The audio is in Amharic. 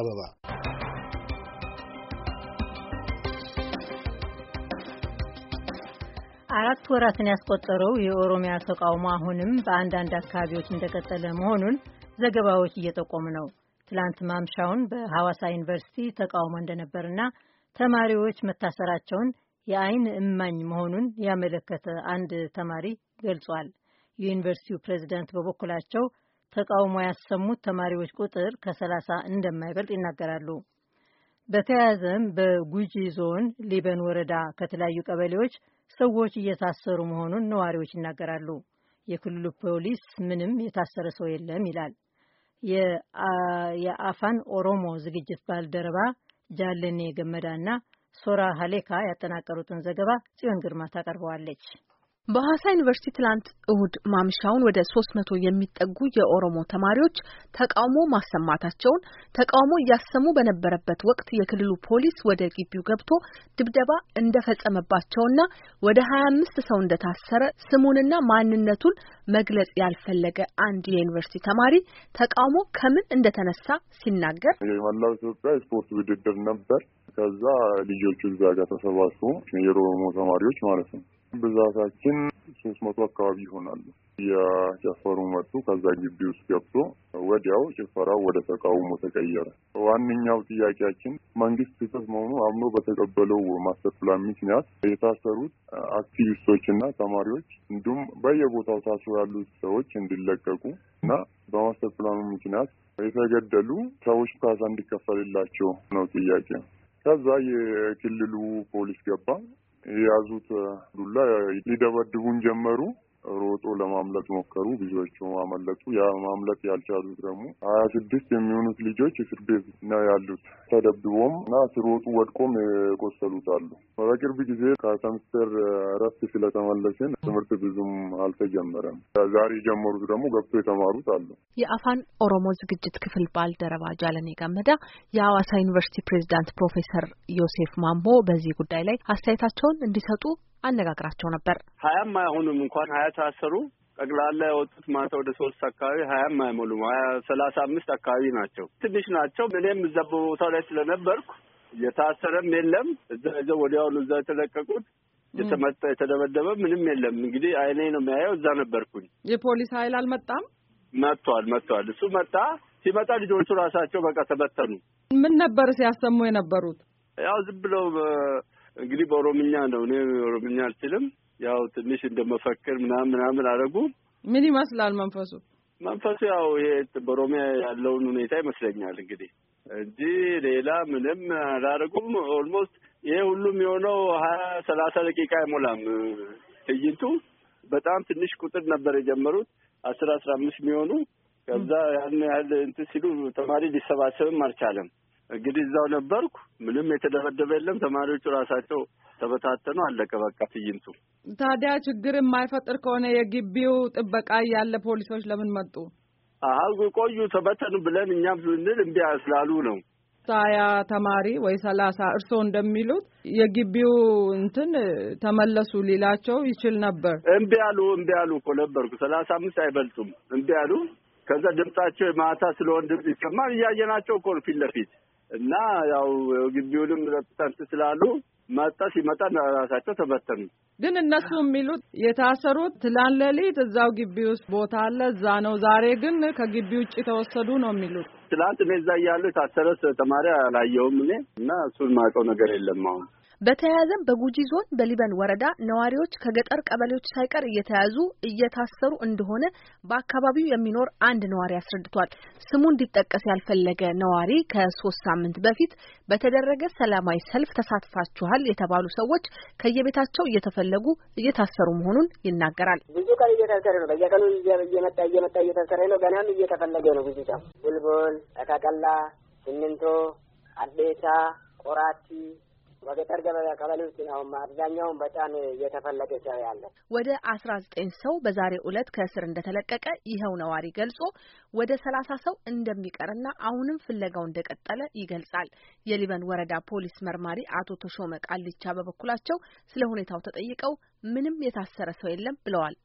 አበባ አራት ወራትን ያስቆጠረው የኦሮሚያ ተቃውሞ አሁንም በአንዳንድ አካባቢዎች እንደቀጠለ መሆኑን ዘገባዎች እየጠቆሙ ነው። ትላንት ማምሻውን በሐዋሳ ዩኒቨርሲቲ ተቃውሞ እንደነበርና ተማሪዎች መታሰራቸውን የአይን እማኝ መሆኑን ያመለከተ አንድ ተማሪ ገልጿል። የዩኒቨርሲቲው ፕሬዚዳንት በበኩላቸው ተቃውሞ ያሰሙት ተማሪዎች ቁጥር ከ30 እንደማይበልጥ ይናገራሉ። በተያያዘም በጉጂ ዞን ሊበን ወረዳ ከተለያዩ ቀበሌዎች ሰዎች እየታሰሩ መሆኑን ነዋሪዎች ይናገራሉ። የክልሉ ፖሊስ ምንም የታሰረ ሰው የለም ይላል። የአፋን ኦሮሞ ዝግጅት ባልደረባ ጃለኔ ገመዳና ሶራ ሀሌካ ያጠናቀሩትን ዘገባ ጽዮን ግርማ ታቀርበዋለች። በሐዋሳ ዩኒቨርሲቲ ትላንት እሁድ ማምሻውን ወደ ሶስት መቶ የሚጠጉ የኦሮሞ ተማሪዎች ተቃውሞ ማሰማታቸውን ተቃውሞ እያሰሙ በነበረበት ወቅት የክልሉ ፖሊስ ወደ ግቢው ገብቶ ድብደባ እንደፈጸመባቸውና ወደ ሀያ አምስት ሰው እንደታሰረ ስሙንና ማንነቱን መግለጽ ያልፈለገ አንድ የዩኒቨርሲቲ ተማሪ ተቃውሞ ከምን እንደተነሳ ሲናገር የመላው ኢትዮጵያ ስፖርት ውድድር ነበር። ከዛ ልጆቹ እዛ ጋር ተሰባስቦ የኦሮሞ ተማሪዎች ማለት ነው ብዛታችን ሶስት መቶ አካባቢ ይሆናሉ። የጨፈሩ መጡ። ከዛ ግቢ ውስጥ ገብቶ ወዲያው ጭፈራው ወደ ተቃውሞ ተቀየረ። ዋነኛው ጥያቄያችን መንግስት ስህተት መሆኑ አምኖ በተቀበለው ማስተር ፕላን ምክንያት የታሰሩት አክቲቪስቶችና ተማሪዎች እንዲሁም በየቦታው ታስሮ ያሉት ሰዎች እንዲለቀቁ እና በማስተር ፕላኑ ምክንያት የተገደሉ ሰዎች ካሳ እንዲከፈልላቸው ነው ጥያቄ። ከዛ የክልሉ ፖሊስ ገባ። የያዙት ዱላ ሊደበድቡን ጀመሩ። ሮጦ ለማምለጥ ሞከሩ። ብዙዎቹ አመለጡ። ያ ማምለጥ ያልቻሉት ደግሞ ሀያ ስድስት የሚሆኑት ልጆች እስር ቤት ነው ያሉት። ተደብቦም እና ስሮጡ ወድቆም የቆሰሉት አሉ። በቅርብ ጊዜ ከሰምስተር እረፍት ስለተመለስን ትምህርት ብዙም አልተጀመረም። ዛሬ የጀመሩት ደግሞ ገብቶ የተማሩት አሉ። የአፋን ኦሮሞ ዝግጅት ክፍል ባልደረባ ጃለኔ ጋመዳ የሐዋሳ ዩኒቨርሲቲ ፕሬዚዳንት ፕሮፌሰር ዮሴፍ ማሞ በዚህ ጉዳይ ላይ አስተያየታቸውን እንዲሰጡ አነጋግራቸው ነበር። ሀያም አይሆኑም እንኳን ሀያ ታሰሩ ጠቅላላ የወጡት ማታ ወደ ሶስት አካባቢ ሀያም አይሞሉም ሀያ ሰላሳ አምስት አካባቢ ናቸው። ትንሽ ናቸው። እኔም እዛ በቦታው ላይ ስለነበርኩ የታሰረም የለም እዛ ይዘው ወዲያውኑ እዛ የተለቀቁት የተመጣ የተደበደበ ምንም የለም። እንግዲህ አይኔ ነው የሚያየው። እዛ ነበርኩኝ። የፖሊስ ኃይል አልመጣም? መጥቷል መጥቷል። እሱ መጣ። ሲመጣ ልጆቹ ራሳቸው በቃ ተበተኑ። ምን ነበር ሲያሰሙ የነበሩት? ያው ዝም ብለው እንግዲህ በኦሮምኛ ነው። እኔ ኦሮምኛ አልችልም። ያው ትንሽ እንደመፈክር ምናምን ምናምን አደረጉ። ምን ይመስላል መንፈሱ? መንፈሱ ያው ይሄ በኦሮሚያ ያለውን ሁኔታ ይመስለኛል እንግዲህ እንጂ ሌላ ምንም አላደረጉም። ኦልሞስት ይሄ ሁሉም የሆነው ሀያ ሰላሳ ደቂቃ አይሞላም ትዕይንቱ። በጣም ትንሽ ቁጥር ነበር የጀመሩት አስር አስራ አምስት የሚሆኑ ከዛ ያን ያህል እንትን ሲሉ ተማሪ ሊሰባሰብም አልቻለም። እንግዲህ እዛው ነበርኩ። ምንም የተደበደበ የለም። ተማሪዎቹ ራሳቸው ተበታተኑ። አለቀ በቃ ትዕይንቱ። ታዲያ ችግር የማይፈጥር ከሆነ የግቢው ጥበቃ ያለ ፖሊሶች ለምን መጡ? አሁ ቆዩ ተበተኑ ብለን እኛም ስንል እምቢ ስላሉ ነው። ሳያ ተማሪ ወይ ሰላሳ እርስዎ እንደሚሉት የግቢው እንትን ተመለሱ ሊላቸው ይችል ነበር። እምቢ አሉ። እምቢ አሉ እኮ ነበርኩ። ሰላሳ አምስት አይበልጡም። እምቢ አሉ። ከዛ ድምጻቸው ማታ ስለሆን ድምጽ ይሰማል። እያየናቸው እኮ ፊት ለፊት እና ያው ግቢውንም ረጥተንት ስላሉ መጣ ሲመጣ ራሳቸው ተበተኑ። ግን እነሱ የሚሉት የታሰሩት ትላንት ሌሊት እዛው ግቢ ውስጥ ቦታ አለ እዛ ነው፣ ዛሬ ግን ከግቢ ውጭ ተወሰዱ ነው የሚሉት። ትላንት እኔ እዛ እያለሁ የታሰረ ተማሪ አላየውም እኔ እና እሱን ማውቀው ነገር የለም አሁን በተያያዘም በጉጂ ዞን በሊበን ወረዳ ነዋሪዎች ከገጠር ቀበሌዎች ሳይቀር እየተያዙ እየታሰሩ እንደሆነ በአካባቢው የሚኖር አንድ ነዋሪ አስረድቷል። ስሙ እንዲጠቀስ ያልፈለገ ነዋሪ ከሶስት ሳምንት በፊት በተደረገ ሰላማዊ ሰልፍ ተሳትፋችኋል የተባሉ ሰዎች ከየቤታቸው እየተፈለጉ እየታሰሩ መሆኑን ይናገራል። ብዙ ቀን እየታሰረ ነው። በየቀኑ እየመጣ እየመጣ እየታሰረ ነው። ገናም እየተፈለገ ነው። ብዙ ሰው ቡልቡል፣ ጠቃቀላ፣ ሲሚንቶ፣ አዴታ፣ ቆራቲ በገጠር ገበያ ውስጥ አሁን አብዛኛውን በጣም እየተፈለገ ሰው ያለ ወደ አስራ ዘጠኝ ሰው በዛሬ ዕለት ከእስር እንደተለቀቀ ይኸው ነዋሪ ገልጾ ወደ ሰላሳ ሰው እንደሚቀርና አሁንም ፍለጋው እንደቀጠለ ይገልጻል። የሊበን ወረዳ ፖሊስ መርማሪ አቶ ተሾመ ቃልቻ በበኩላቸው ስለ ሁኔታው ተጠይቀው ምንም የታሰረ ሰው የለም ብለዋል።